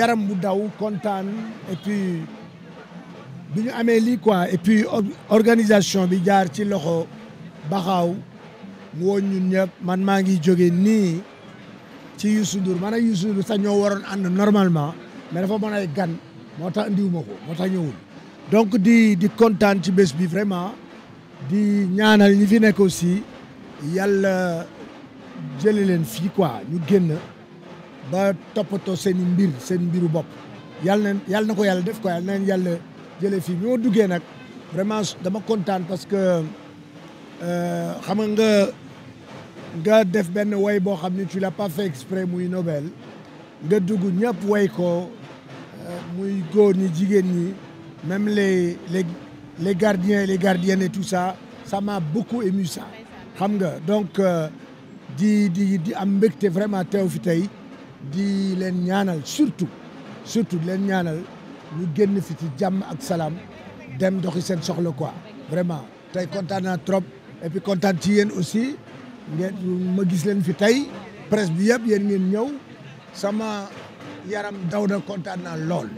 yaram bu daw contane et puis biñu amé li quoi et puis organisation bi jaar ci loxo baxaw mu woon ñun ñep man ma ngi joggé ni ci Youssou Ndour man ak Youssou Ndour sax ñoo waroon ànd normalement mais dafa mën ay gan moo tax indiwuma ko moo tax donc di di contane ci bés bi vraiment di ñaanal ñi fi nek aussi yalla jëlé len fi quoi ñu génn ba topato seen mbir seen mbiru bopp yàlla na yàlla na ko yàlla def ko yàlla na yàlla jëlee fii bi ma duggee nag vraiment dama kontaan parce que euh, xam nga nga def benn way boo xam ne tu l'as pas fait exprès muy Nobel nga dugg ñëpp way ko euh, muy góor ñi jigéen ñi même les les les gardiens les gardiennes et tout ça ça m'a beaucoup ému ça xam nga donc euh, di di di am mbégte vraiment teew fi tey di leen ñaanal surtout surtout leen ñaanal ñu génn fi ci jàmm ak salaam dem doxi seen soxla quoi vraiment tey kontaan naa trop et puis kontaan ci yéen aussi ngeen ma gis leen fi tey presse bi yëpp yéen ngeen ñëw sama yaram daw na kontaan naa lool